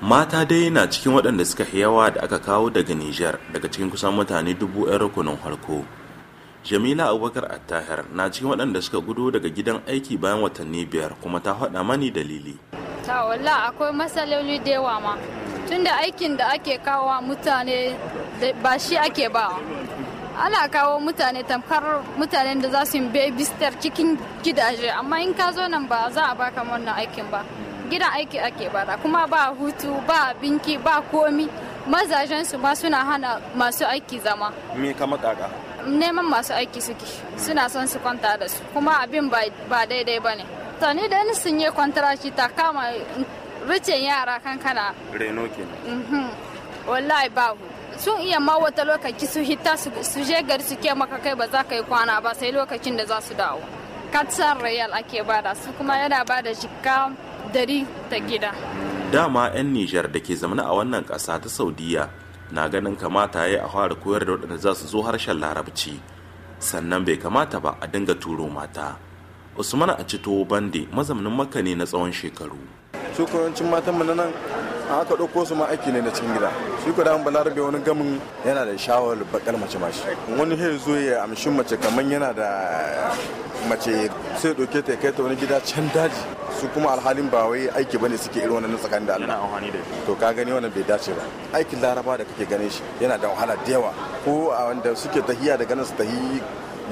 mata dai na cikin waɗanda suka yawa da aka kawo daga nijar daga cikin kusan mutane dubu 'yan rukunin harko jamila abubakar Attahar na cikin waɗanda suka gudu daga gidan aiki bayan watanni biyar kuma ta faɗa mani dalili ta walla akwai matsaloli da yawa ma tunda aikin da ake kawo mutane ba shi ake ba ana kawo mutane tamkar mutane da za su yi cikin gidaje amma in ka zo nan ba za a baka wannan aikin ba gidan aiki ake bara kuma ba hutu ba binki ba komi mazajen su ma suna hana masu aiki zama me kama kaka neman masu aiki suke suna son su kwanta da su kuma abin ba daidai ba ne to ni da sun yi kwantaraci ta kama ricin yara kankana reno kenan mhm. wallahi babu sun iya ma wata lokaci su hita su je gari su ke maka kai ba za ka yi kwana ba sai lokacin da za su dawo katsar real ake bada su kuma yana bada jikka dari ta gida dama 'yan nijar da ke zamana a wannan ƙasa ta saudiya na ganin kamata ya yi a fara koyar da waɗanda za su zo harshen larabci sannan bai kamata ba a dinga turo mata usman a cito bande mazaunin maka ne na tsawon shekaru su kuwancin matan mu na nan aka haka ɗauko su ma aiki ne na cikin gida shi ko dama balarabe wani gamin yana da shawar bakar mace mashi wani ya zo ya amshin mace kamar yana da mace sai ɗauke ta kai ta wani gida can daji su kuma alhalin ba wai aiki bane suke irin wannan tsakanin da Allah to ka gani wannan bai dace ba aikin laraba da kake ganin shi yana da wahala da yawa ko a wanda suke tahiya da ganin su tahi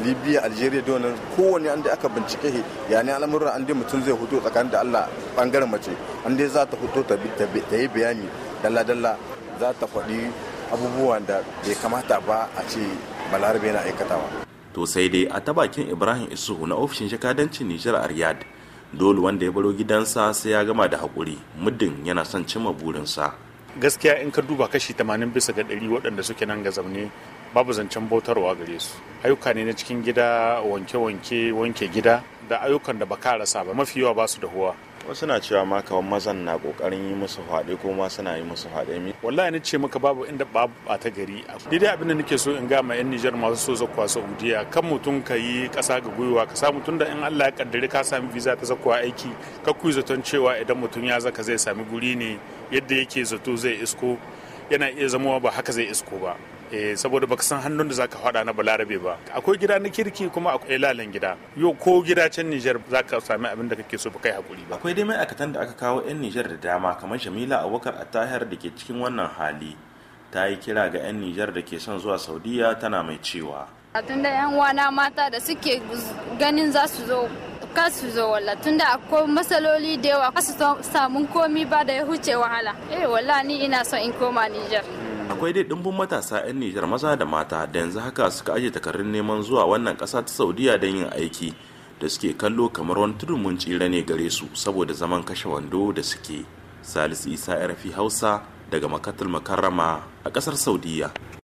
libya algeria donin kowane an da aka bincike shi ya ne al'amuran an dai mutum zai hudu tsakanin da allah bangaren mace an dai za ta hudu ta yi bayani dalla-dalla za ta faɗi abubuwan da bai kamata ba a ce balarabe na aikatawa to sai dai a ta ibrahim isuhu na ofishin jakadancin nijar a riyad dole wanda ya baro gidansa sai ya gama da hakuri muddin yana son cimma burinsa gaskiya in ka duba kashi 80 bisa ga 100 waɗanda suke nan ga zaune babu zancen bautarwa gare su ayyuka ne na cikin gida wanke-wanke wanke gida da ayyukan da baka rasa ba mafi yawa ba su da huwa wasu na cewa ma kamar mazan na kokarin yi musu haɗe ko ma suna yi musu fade mi wallahi ni ce maka babu inda ba a ta gari ni dai abin da nake so in ga ma yan nijar masu so zakwa Saudiya kan mutum ka yi ƙasa ga gwiwa ka samu tun da in Allah ya kaddare ka sami visa ta zakwa aiki ka kuyi zaton cewa idan mutum ya zaka zai sami guri ne yadda yake zato zai isko yana iya zama ba haka zai isko ba eh saboda baka san hannun da zaka faɗa na balarabe ba akwai gida na kirki kuma akwai lalan gida yau ko gida can Niger zaka sami abin da kake so ba kai hakuri ba akwai dai ma'aikatan da aka kawo yan nijar da dama kamar Jamila Abubakar Attahir da ke cikin wannan hali ta yi kira ga yan nijar da ke son zuwa Saudiya tana mai cewa tun da yan wana mata da suke ganin za su zo su zo walla tunda akwai masaloli da yawa kasu su samun komi ba da ya huce wahala eh wala ni ina son in koma nijar. akwai dai dimbin matasa 'yan nijar maza da mata da yanzu haka suka aje takarrun neman zuwa wannan ƙasa ta saudiya don yin aiki da suke kallo kamar wani tudun tsira ne gare su saboda zaman kashe wando da suke salisu isa rfi hausa daga makatul makarrama a ƙasar saudiya